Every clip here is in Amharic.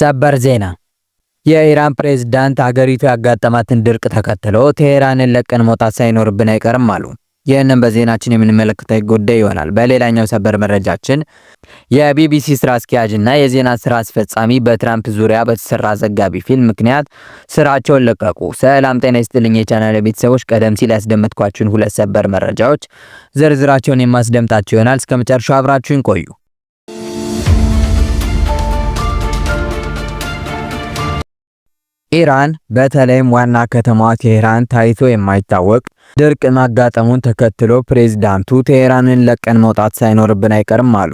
ሰበር ዜና የኢራን ፕሬዝዳንት አገሪቱ ያጋጠማትን ድርቅ ተከትሎ ቴሄራንን ለቀን መውጣት ሳይኖርብን አይቀርም አሉ። ይህንም በዜናችን የምንመለከተው ጉዳይ ይሆናል። በሌላኛው ሰበር መረጃችን የቢቢሲ ስራ አስኪያጅ እና የዜና ስራ አስፈጻሚ በትራምፕ ዙሪያ በተሰራ ዘጋቢ ፊልም ምክንያት ስራቸውን ለቀቁ። ሰላም ጤና ይስጥልኝ የቻናል ቤተሰቦች፣ ቀደም ሲል ያስደመጥኳችሁን ሁለት ሰበር መረጃዎች ዝርዝራቸውን የማስደምጣቸው ይሆናል። እስከ መጨረሻው አብራችሁን ቆዩ። በኢራን በተለይም ዋና ከተማዋ ቴህራን ታይቶ የማይታወቅ ድርቅ ማጋጠሙን ተከትሎ ፕሬዝዳንቱ ቴህራንን ለቀን መውጣት ሳይኖርብን አይቀርም አሉ።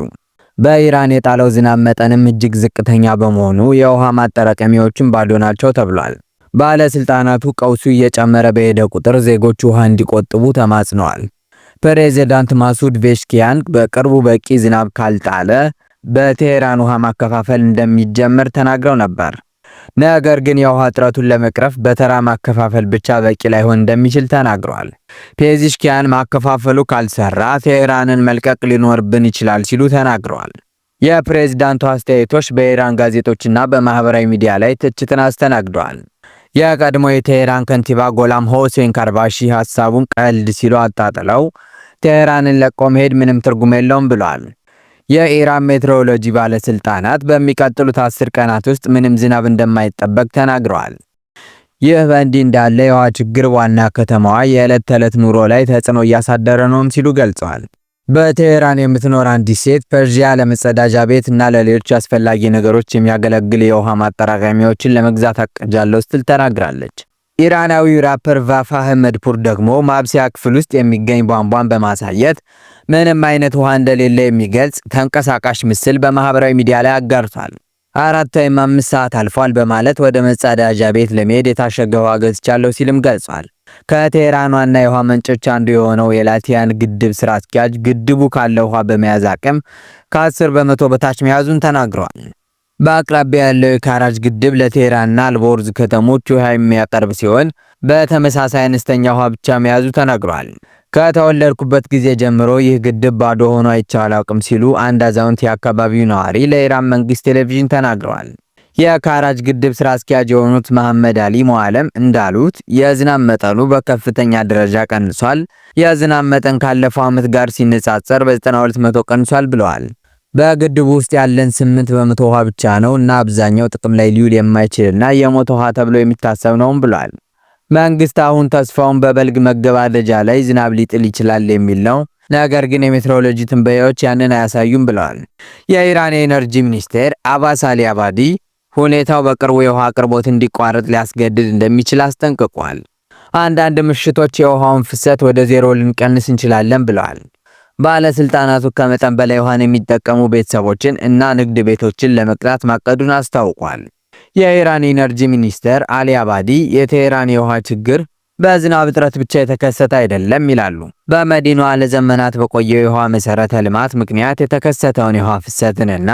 በኢራን የጣለው ዝናብ መጠንም እጅግ ዝቅተኛ በመሆኑ የውሃ ማጠራቀሚያዎችን ባዶ ናቸው ተብሏል። ባለስልጣናቱ ቀውሱ እየጨመረ በሄደ ቁጥር ዜጎች ውሃ እንዲቆጥቡ ተማጽነዋል። ፕሬዚዳንት ማሱድ ቬሽኪያን በቅርቡ በቂ ዝናብ ካልጣለ በቴህራን ውሃ ማከፋፈል እንደሚጀመር ተናግረው ነበር። ነገር ግን የውሃ እጥረቱን ለመቅረፍ በተራ ማከፋፈል ብቻ በቂ ላይሆን እንደሚችል ተናግሯል። ፔዚሽኪያን ማከፋፈሉ ካልሰራ ቴህራንን መልቀቅ ሊኖርብን ይችላል ሲሉ ተናግረዋል። የፕሬዝዳንቱ አስተያየቶች በኢራን ጋዜጦችና በማህበራዊ ሚዲያ ላይ ትችትን አስተናግደዋል። የቀድሞ የቴህራን ከንቲባ ጎላም ሆሴን ካርባሺ ሀሳቡን ቀልድ ሲሉ አጣጥለው ቴህራንን ለቆ መሄድ ምንም ትርጉም የለውም ብሏል። የኢራን ሜትሮሎጂ ባለስልጣናት በሚቀጥሉት አስር ቀናት ውስጥ ምንም ዝናብ እንደማይጠበቅ ተናግረዋል። ይህ በእንዲህ እንዳለ የውሃ ችግር ዋና ከተማዋ የዕለት ተዕለት ኑሮ ላይ ተጽዕኖ እያሳደረ ነውም ሲሉ ገልጸዋል። በቴሄራን የምትኖር አንዲት ሴት ፐርዥያ ለመጸዳጃ ቤት እና ለሌሎች አስፈላጊ ነገሮች የሚያገለግል የውሃ ማጠራቀሚያዎችን ለመግዛት አቅጃለሁ ስትል ተናግራለች። ኢራናዊው ራፐር ቫፋ አህመድፑር ደግሞ ማብሰያ ክፍል ውስጥ የሚገኝ ቧንቧን በማሳየት ምንም አይነት ውሃ እንደሌለ የሚገልጽ ተንቀሳቃሽ ምስል በማህበራዊ ሚዲያ ላይ አጋርቷል። አራት ወይም አምስት ሰዓት አልፏል በማለት ወደ መጸዳጃ ቤት ለመሄድ የታሸገ ውሃ ገዝቻለሁ ሲልም ገልጿል። ከቴህራን ዋና የውሃ መንጮች አንዱ የሆነው የላቲያን ግድብ ስራ አስኪያጅ ግድቡ ካለው ውሃ በመያዝ አቅም ከ10 በመቶ በታች መያዙን ተናግረዋል። በአቅራቢያ ያለው የካራጅ ግድብ ለቴህራንና አልቦርዝ ከተሞች ውሃ የሚያቀርብ ሲሆን በተመሳሳይ አነስተኛ ውሃ ብቻ መያዙ ተነግሯል። ከተወለድኩበት ጊዜ ጀምሮ ይህ ግድብ ባዶ ሆኖ አይቼ አላውቅም ሲሉ አንድ አዛውንት የአካባቢው ነዋሪ ለኢራን መንግስት ቴሌቪዥን ተናግረዋል። የካራጅ ግድብ ስራ አስኪያጅ የሆኑት መሐመድ አሊ ሞዓለም እንዳሉት የዝናብ መጠኑ በከፍተኛ ደረጃ ቀንሷል። የዝናብ መጠን ካለፈው ዓመት ጋር ሲነጻጸር በ92 መቶ ቀንሷል ብለዋል። በግድቡ ውስጥ ያለን 8 በመቶ ውሃ ብቻ ነው እና አብዛኛው ጥቅም ላይ ሊውል የማይችልና የሞት ውሃ ተብሎ የሚታሰብ ነውም ብሏል። መንግስት አሁን ተስፋውን በበልግ መገባደጃ ላይ ዝናብ ሊጥል ይችላል የሚል ነው። ነገር ግን የሜትሮሎጂ ትንበያዎች ያንን አያሳዩም ብለዋል። የኢራን የኤነርጂ ሚኒስቴር አባስ አሊ አባዲ ሁኔታው በቅርቡ የውሃ አቅርቦት እንዲቋረጥ ሊያስገድድ እንደሚችል አስጠንቅቋል። አንዳንድ ምሽቶች የውሃውን ፍሰት ወደ ዜሮ ልንቀንስ እንችላለን ብለዋል። ባለስልጣናቱ ከመጠን በላይ ውሃን የሚጠቀሙ ቤተሰቦችን እና ንግድ ቤቶችን ለመቅጣት ማቀዱን አስታውቋል። የኢራን ኢነርጂ ሚኒስተር አሊ አባዲ የቴህራን የውሃ ችግር በዝናብ እጥረት ብቻ የተከሰተ አይደለም ይላሉ። በመዲናዋ ለዘመናት በቆየው የውሃ መሰረተ ልማት ምክንያት የተከሰተውን የውሃ ፍሰትንና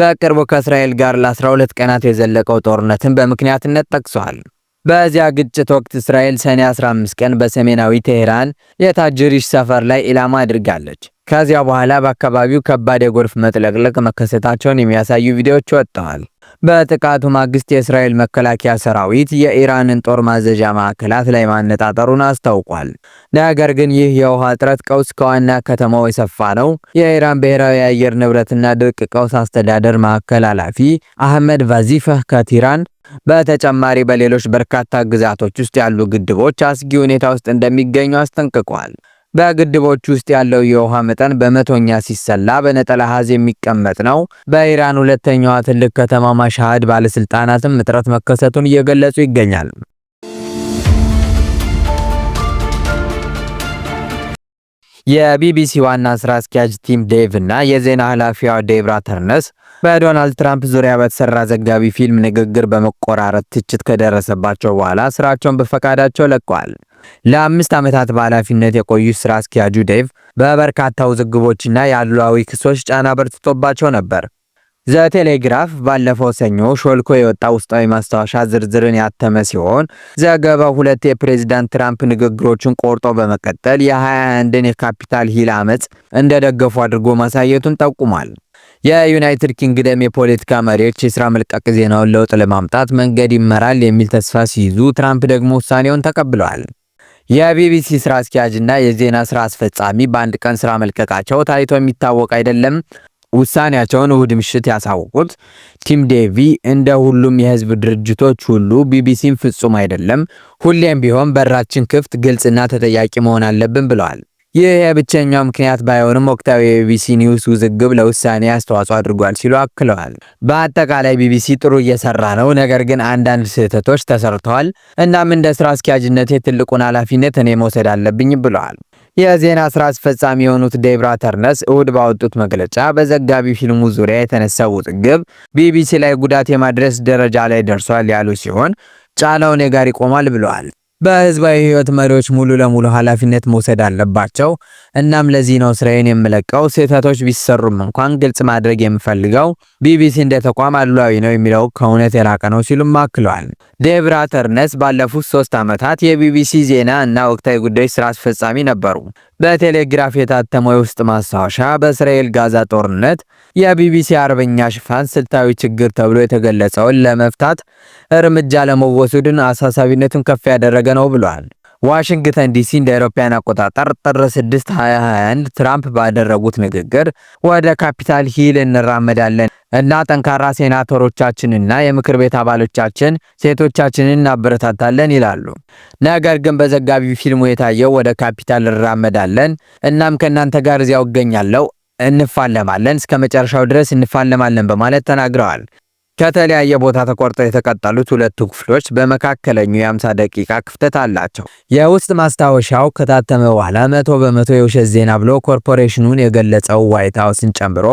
በቅርቡ ከእስራኤል ጋር ለ12 ቀናት የዘለቀው ጦርነትን በምክንያትነት ጠቅሰዋል። በዚያ ግጭት ወቅት እስራኤል ሰኔ 15 ቀን በሰሜናዊ ቴህራን የታጅሪሽ ሰፈር ላይ ኢላማ አድርጋለች። ከዚያ በኋላ በአካባቢው ከባድ የጎርፍ መጥለቅለቅ መከሰታቸውን የሚያሳዩ ቪዲዮዎች ወጥተዋል። በጥቃቱ ማግስት የእስራኤል መከላከያ ሰራዊት የኢራንን ጦር ማዘዣ ማዕከላት ላይ ማነጣጠሩን አስታውቋል። ነገር ግን ይህ የውሃ እጥረት ቀውስ ከዋና ከተማው የሰፋ ነው። የኢራን ብሔራዊ የአየር ንብረትና ድርቅ ቀውስ አስተዳደር ማዕከል ኃላፊ አህመድ ቫዚፈህ ከቲራን በተጨማሪ በሌሎች በርካታ ግዛቶች ውስጥ ያሉ ግድቦች አስጊ ሁኔታ ውስጥ እንደሚገኙ አስጠንቅቋል። በግድቦች ውስጥ ያለው የውሃ መጠን በመቶኛ ሲሰላ በነጠላ ሀዝ የሚቀመጥ ነው። በኢራን ሁለተኛዋ ትልቅ ከተማ ማሻሃድ ባለስልጣናትም እጥረት መከሰቱን እየገለጹ ይገኛል። የቢቢሲ ዋና ስራ አስኪያጅ ቲም ዴቭ እና የዜና ኃላፊዋ ዴብራ ተርነስ በዶናልድ ትራምፕ ዙሪያ በተሰራ ዘጋቢ ፊልም ንግግር በመቆራረጥ ትችት ከደረሰባቸው በኋላ ስራቸውን በፈቃዳቸው ለቀዋል። ለአምስት ዓመታት በኃላፊነት የቆዩት ስራ አስኪያጁ ዴቭ በበርካታ ውዝግቦችና የአድሏዊ ክሶች ጫና በርትቶባቸው ነበር። ዘቴሌግራፍ ባለፈው ሰኞ ሾልኮ የወጣ ውስጣዊ ማስታወሻ ዝርዝርን ያተመ ሲሆን ዘገባው ሁለት የፕሬዚዳንት ትራምፕ ንግግሮችን ቆርጦ በመቀጠል የ21ን የካፒታል ሂል አመፅ እንደደገፉ አድርጎ ማሳየቱን ጠቁሟል። የዩናይትድ ኪንግደም የፖለቲካ መሪዎች የስራ መልቀቅ ዜናውን ለውጥ ለማምጣት መንገድ ይመራል የሚል ተስፋ ሲይዙ፣ ትራምፕ ደግሞ ውሳኔውን ተቀብለዋል። የቢቢሲ ስራ አስኪያጅ እና የዜና ስራ አስፈጻሚ በአንድ ቀን ስራ መልቀቃቸው ታይቶ የሚታወቅ አይደለም። ውሳኔያቸውን እሁድ ምሽት ያሳወቁት ቲም ዴቪ እንደ ሁሉም የህዝብ ድርጅቶች ሁሉ ቢቢሲም ፍጹም አይደለም፣ ሁሌም ቢሆን በራችን ክፍት፣ ግልጽና ተጠያቂ መሆን አለብን ብለዋል። ይህ የብቸኛው ምክንያት ባይሆንም ወቅታዊ የቢቢሲ ኒውስ ውዝግብ ለውሳኔ አስተዋጽኦ አድርጓል ሲሉ አክለዋል። በአጠቃላይ ቢቢሲ ጥሩ እየሰራ ነው፣ ነገር ግን አንዳንድ ስህተቶች ተሰርተዋል። እናም እንደ ስራ አስኪያጅነቴ ትልቁን ኃላፊነት እኔ መውሰድ አለብኝ ብለዋል። የዜና ስራ አስፈጻሚ የሆኑት ዴብራ ተርነስ እሁድ ባወጡት መግለጫ በዘጋቢ ፊልሙ ዙሪያ የተነሳው ውዝግብ ቢቢሲ ላይ ጉዳት የማድረስ ደረጃ ላይ ደርሷል ያሉ ሲሆን ጫናው እኔ ጋር ይቆማል ብለዋል። በህዝባዊ ህይወት መሪዎች ሙሉ ለሙሉ ኃላፊነት መውሰድ አለባቸው። እናም ለዚህ ነው ስራዬን የምለቀው። ስህተቶች ቢሰሩም እንኳን ግልጽ ማድረግ የምፈልገው ቢቢሲ እንደ ተቋም አድሏዊ ነው የሚለው ከእውነት የላቀ ነው ሲሉም አክለዋል። ዴቭ ራተርነስ ባለፉት ሶስት ዓመታት የቢቢሲ ዜና እና ወቅታዊ ጉዳዮች ስራ አስፈጻሚ ነበሩ። በቴሌግራፍ የታተመው የውስጥ ማስታወሻ በእስራኤል ጋዛ ጦርነት የቢቢሲ አርበኛ ሽፋን ስልታዊ ችግር ተብሎ የተገለጸውን ለመፍታት እርምጃ ለመወሰዱን አሳሳቢነቱን ከፍ ያደረገ ነው ብሏል። ዋሽንግተን ዲሲ እንደ አውሮፓውያን አቆጣጠር ጥር 6 2021 ትራምፕ ባደረጉት ንግግር ወደ ካፒታል ሂል እንራመዳለን እና ጠንካራ ሴናተሮቻችንና የምክር ቤት አባሎቻችን ሴቶቻችንን እናበረታታለን ይላሉ። ነገር ግን በዘጋቢ ፊልሙ የታየው ወደ ካፒታል እራመዳለን። እናም ከእናንተ ጋር እዚያው እገኛለሁ፣ እንፋለማለን፣ እስከ መጨረሻው ድረስ እንፋለማለን በማለት ተናግረዋል። ከተለያየ ቦታ ተቆርጠው የተቀጠሉት ሁለቱ ክፍሎች በመካከለኛው የ50 ደቂቃ ክፍተት አላቸው። የውስጥ ማስታወሻው ከታተመ በኋላ መቶ በመቶ የውሸት ዜና ብሎ ኮርፖሬሽኑን የገለጸው ዋይት ሀውስን ጨምሮ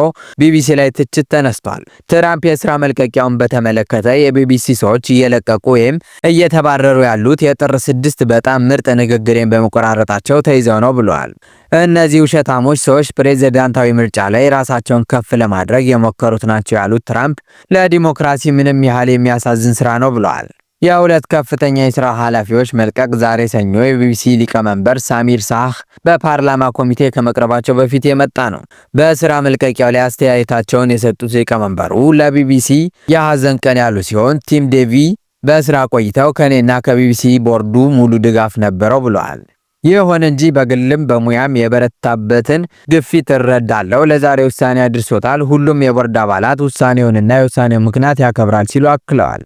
ቢቢሲ ላይ ትችት ተነስቷል። ትራምፕ የስራ መልቀቂያውን በተመለከተ የቢቢሲ ሰዎች እየለቀቁ ወይም እየተባረሩ ያሉት የጥር ስድስት በጣም ምርጥ ንግግሬን በመቆራረጣቸው ተይዘው ነው ብለዋል። እነዚህ ውሸታሞች ሰዎች ፕሬዝዳንታዊ ምርጫ ላይ ራሳቸውን ከፍ ለማድረግ የሞከሩት ናቸው ያሉት ትራምፕ ለዲሞክራሲ ምንም ያህል የሚያሳዝን ስራ ነው ብለዋል። የሁለት ከፍተኛ የስራ ኃላፊዎች መልቀቅ ዛሬ ሰኞ የቢቢሲ ሊቀመንበር ሳሚር ሳህ በፓርላማ ኮሚቴ ከመቅረባቸው በፊት የመጣ ነው። በስራ መልቀቂያው ላይ አስተያየታቸውን የሰጡት ሊቀመንበሩ ለቢቢሲ የሐዘን ቀን ያሉ ሲሆን ቲም ዴቪ በስራ ቆይተው ከእኔና ከቢቢሲ ቦርዱ ሙሉ ድጋፍ ነበረው ብለዋል። ይሁን እንጂ በግልም በሙያም የበረታበትን ግፊት እረዳለሁ። ለዛሬ ውሳኔ አድርሶታል። ሁሉም የቦርድ አባላት ውሳኔውንና የውሳኔውን ምክንያት ያከብራል ሲሉ አክለዋል።